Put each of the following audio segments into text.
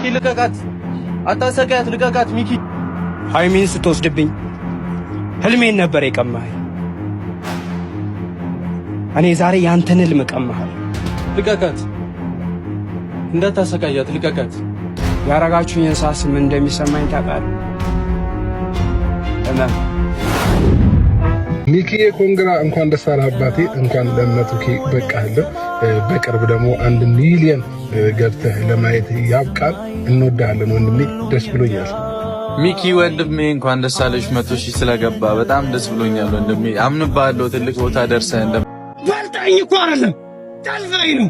ሚኪ ልቀቃት፣ አታሰቃያት፣ ልቀቃት ሚኪ። ሀይሚን ስትወስድብኝ ህልሜን ነበር የቀማኸኝ። እኔ ዛሬ ያንተን ህልም ቀማሃል። ልቀቃት፣ እንዳታሰቃያት፣ ልቀቃት። ያረጋችሁኝ እንሳስም እንደሚሰማኝ ታውቃለህ። ሚኪዬ ኮንግራ እንኳን ደስ አለህ አባቴ፣ እንኳን ለመቱኪ በቃለሁ። በቅርብ ደግሞ አንድ ሚሊየን ገብተህ ለማየት ያብቃል። እንወዳለን ወንድሜ፣ ደስ ብሎኛል። ሚኪ ወንድሜ እንኳን ደስ አለሽ፣ መቶ ሺህ ስለገባ በጣም ደስ ብሎኛል ወንድሜ። አምንባለሁ ትልቅ ቦታ ደርሰህ እንደ በልጠኝ እኮ አይደለም ጠልፈኝ ነው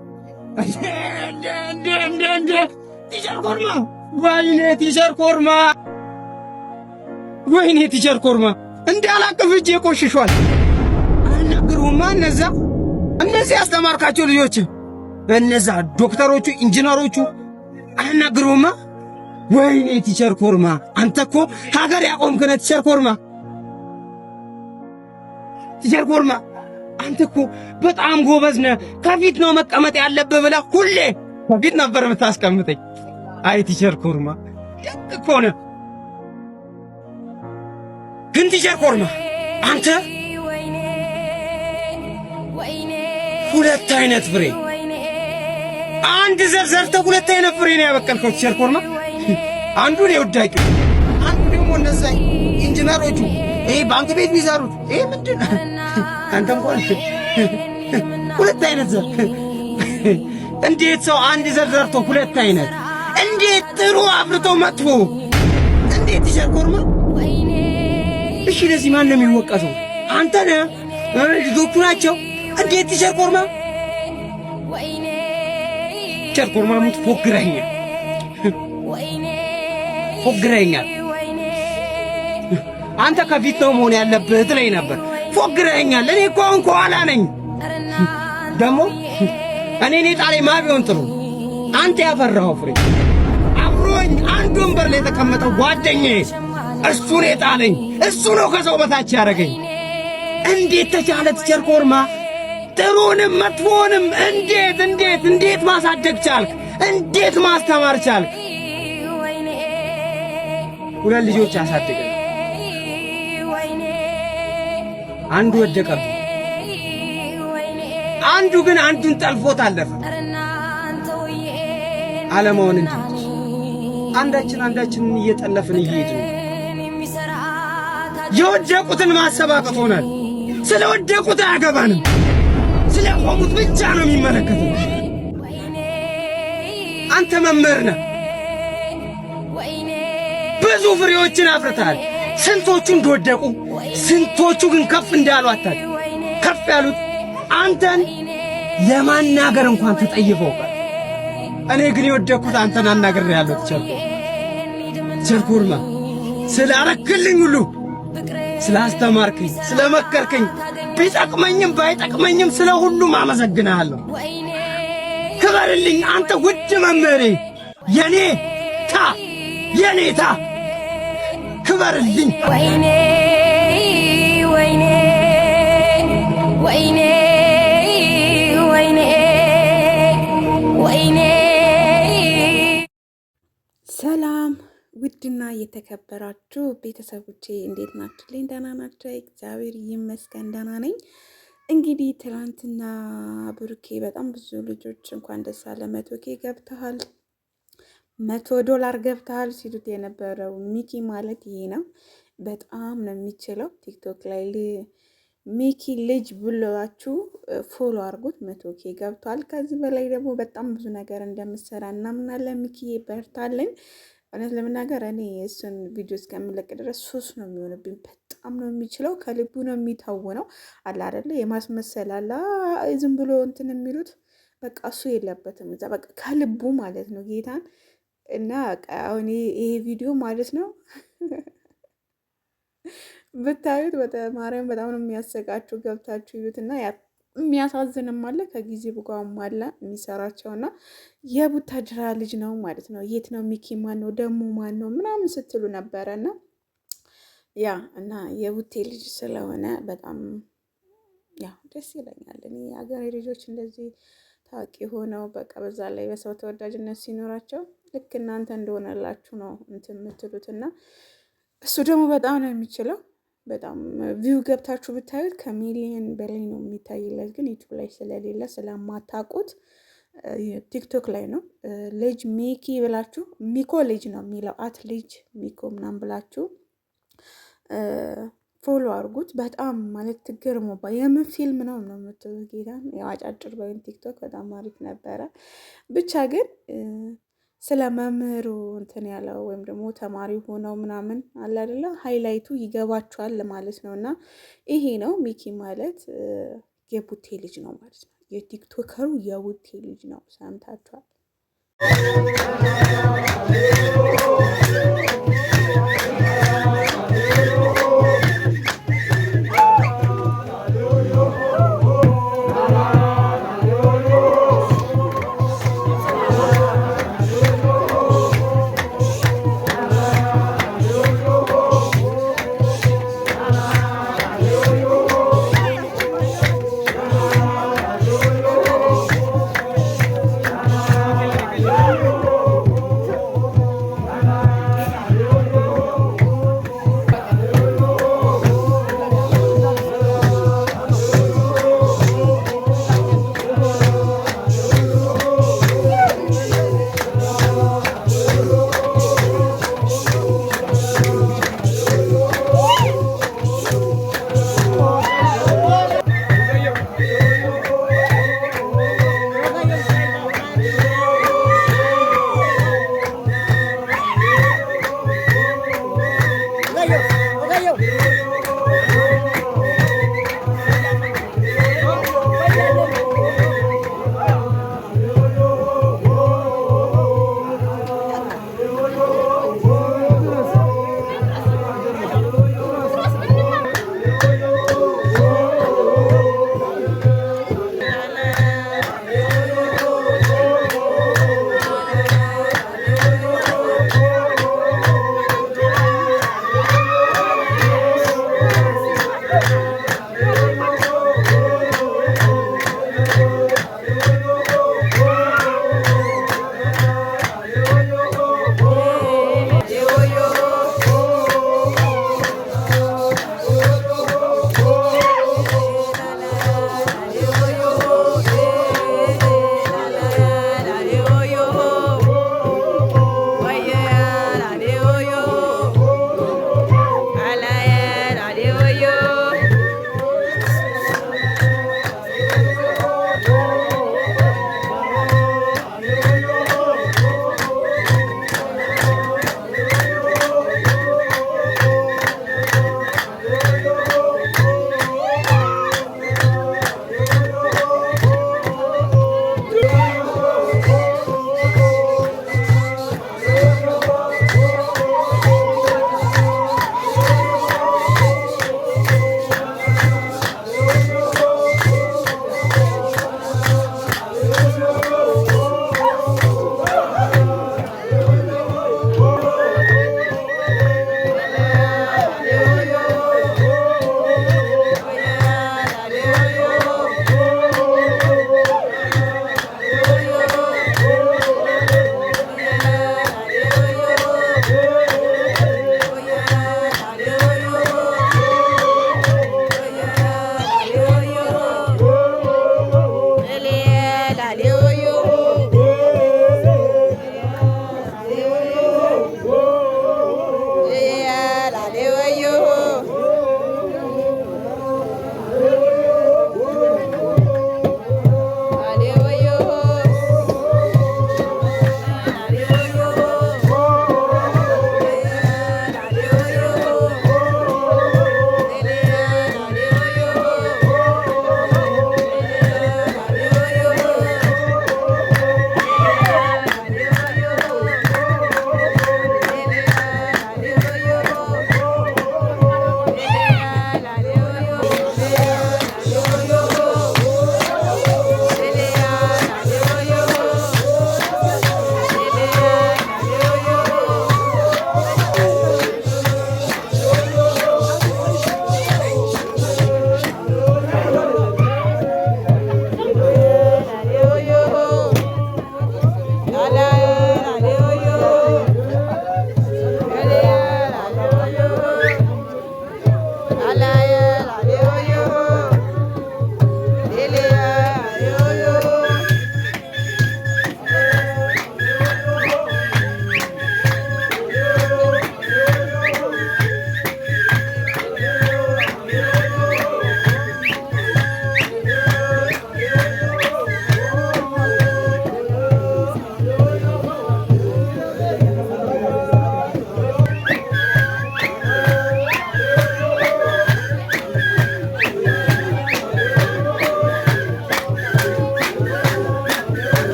እ ቲቸር ኮርማ ወይኔ፣ ቲቸር ኮርማ ወይኔ፣ ቲቸር ኮርማ እንዳላቅፍ እጄ ቆሽሿል። አልነግሩማ እነዛ እነዚህ ያስተማርካቸው ልጆች እነዛ ዶክተሮቹ፣ ኢንጂነሮቹ አልነግሩማ። ወይኔ ቲቸር ኮርማ አንተ እኮ ሀገር ያቆምክነ ቲቸር ኮርማ ቲቸር ኮርማ አንተ እኮ በጣም ጎበዝ ነህ፣ ከፊት ነው መቀመጥ ያለብህ ብለህ ሁሌ ከፊት ነበር የምታስቀምጠኝ። አይ ቲቸር ኮርማ ደግ እኮ ነህ። ግን ቲቸር ኮርማ አንተ ሁለት አይነት ፍሬ አንድ ዘር ዘርተህ ሁለት አይነት ፍሬ ነው ያበቀልከው። ቲቸር ኮርማ አንዱን የውዳቂው አንዱ ደግሞ እነዛ ኢንጂነሮቹ ይሄ ባንክ ቤት ቢሰሩት ይሄ ምንድን ነው? አንተ እንኳን ሁለት አይነት ዘር እንዴት ሰው አንድ ዘር ዘርቶ ሁለት አይነት እንዴት ጥሩ አፍርቶ መጥፎ እንዴት ይሸርጎርማ? እሺ ለዚህ ማን ነው የሚወቀሰው? አንተ ነህ? ልጆቹ ናቸው? እንዴት ይሸርኮርማ ሸርጎርማ ሙት ፎግረኛ ፎግረኛል አንተ ከፊት ነው መሆን ያለብህ ትለኝ ነበር። ፎግረኛል። እኔ እኮ አሁን ከኋላ ነኝ። ደግሞ እኔ እኔ ጣሌ ማ ጥሩ አንተ ያፈራኸው ፍሬ አብሮኝ አንድ ወንበር ላይ የተቀመጠው ጓደኛዬ እሱ ነው የጣለኝ። እሱ ነው ከሰው በታች ያደረገኝ። እንዴት ተቻለ ቲቸር ኮርማ? ጥሩንም መጥፎንም እንዴት እንዴት እንዴት ማሳደግ ቻልክ? እንዴት ማስተማር ቻልክ? ሁለት ልጆች ያሳድገ አንዱ ወደቀ፣ አንዱ ግን አንዱን ጠልፎት አለፈ። አለማውን እንጂ አንዳችን አንዳችንን እየጠለፍን እየሄድን የወደቁትን ማሰብ አቅቶናል። ስለ ወደቁት አያገባንም። ስለ ቆሙት ብቻ ነው የሚመለከተው። አንተ መምህር ነህ፣ ብዙ ፍሬዎችን አፍርተሃል። ስንቶቹ እንደወደቁ ስንቶቹ ግን ከፍ እንዳሉ አታል ከፍ ያሉት አንተን ለማናገር እንኳን ተጠይፈው እኔ ግን የወደኩት አንተን አናገር ያለው ቸርኮር ቸርኮርማ ስላረክልኝ ሁሉ ስላስተማርከኝ ስለመከርከኝ ቢጠቅመኝም ባይጠቅመኝም ስለ ሁሉም አመሰግንሃለሁ። ክበርልኝ አንተ ውድ መምህሬ የኔታ የኔታ ክበርልኝ። ወይኔ ወይኔ ወይኔ ወይኔ ወይኔ። ሰላም ውድና የተከበራችሁ ቤተሰቦቼ እንዴት ናችሁ? ልኝ ደህና ናቸው። እግዚአብሔር ይመስገን ደህና ነኝ። እንግዲህ ትናንትና ብሩኬ በጣም ብዙ ልጆች እንኳን ደስ አለ መቶ ገብተሃል መቶ ዶላር ገብተሃል ሲሉት የነበረው ሚኪ ማለት ይሄ ነው። በጣም ነው የሚችለው። ቲክቶክ ላይ ሚኪ ልጅ ብሏችሁ ፎሎ አርጉት። መቶ ኬ ገብቷል። ከዚህ በላይ ደግሞ በጣም ብዙ ነገር እንደምሰራ እናምናለን። ሚኪ በርታለን። እውነት ለመናገር እኔ እሱን ቪዲዮ እስከምለቅ ድረስ ሶስት ነው የሚሆንብኝ። በጣም ነው የሚችለው። ከልቡ ነው ነው አለ አደለ የማስመሰል አላ ዝም ብሎ እንትን የሚሉት በቃ እሱ የለበትም እዛ በቃ ከልቡ ማለት ነው ጌታን እና አሁን ይሄ ቪዲዮ ማለት ነው ብታዩት በማርያም በጣም ነው የሚያሰቃችሁ። ገብታችሁ ይዩት እና የሚያሳዝንም አለ ከጊዜ ብጓም አለ የሚሰራቸው እና የቡታጅራ ልጅ ነው ማለት ነው። የት ነው ሚኪ? ማን ነው ደሞ ማን ነው ምናምን ስትሉ ነበረ እና ያ እና የቡቴ ልጅ ስለሆነ በጣም ያ ደስ ይለኛል። እኔ የሀገሬ ልጆች እንደዚህ ታዋቂ ሆነው በቃ በዛ ላይ በሰው ተወዳጅነት ሲኖራቸው ልክ እናንተ እንደሆነላችሁ ነው እንትን የምትሉት እና እሱ ደግሞ በጣም ነው የሚችለው። በጣም ቪው ገብታችሁ ብታዩት ከሚሊየን በላይ ነው የሚታይለት፣ ግን ዩቱብ ላይ ስለሌለ ስለማታውቁት ቲክቶክ ላይ ነው። ልጅ ሚኪ ብላችሁ ሚኮ ልጅ ነው የሚለው አት ልጅ ሚኮ ምናምን ብላችሁ ፎሎ አድርጉት። በጣም ማለት ትገርሞባ የምን ፊልም ነው ነው የምትሉት ጌታ። ያው አጫጭር በይም ቲክቶክ በጣም አሪፍ ነበረ ብቻ ግን ስለ መምህሩ እንትን ያለው ወይም ደግሞ ተማሪ ሆነው ምናምን አለ አይደለ ሀይላይቱ ይገባቸዋል ማለት ነው። እና ይሄ ነው ሚኪ ማለት የቡቴ ልጅ ነው ማለት ነው። የቲክቶከሩ የቡቴ ልጅ ነው። ሰምታችኋል።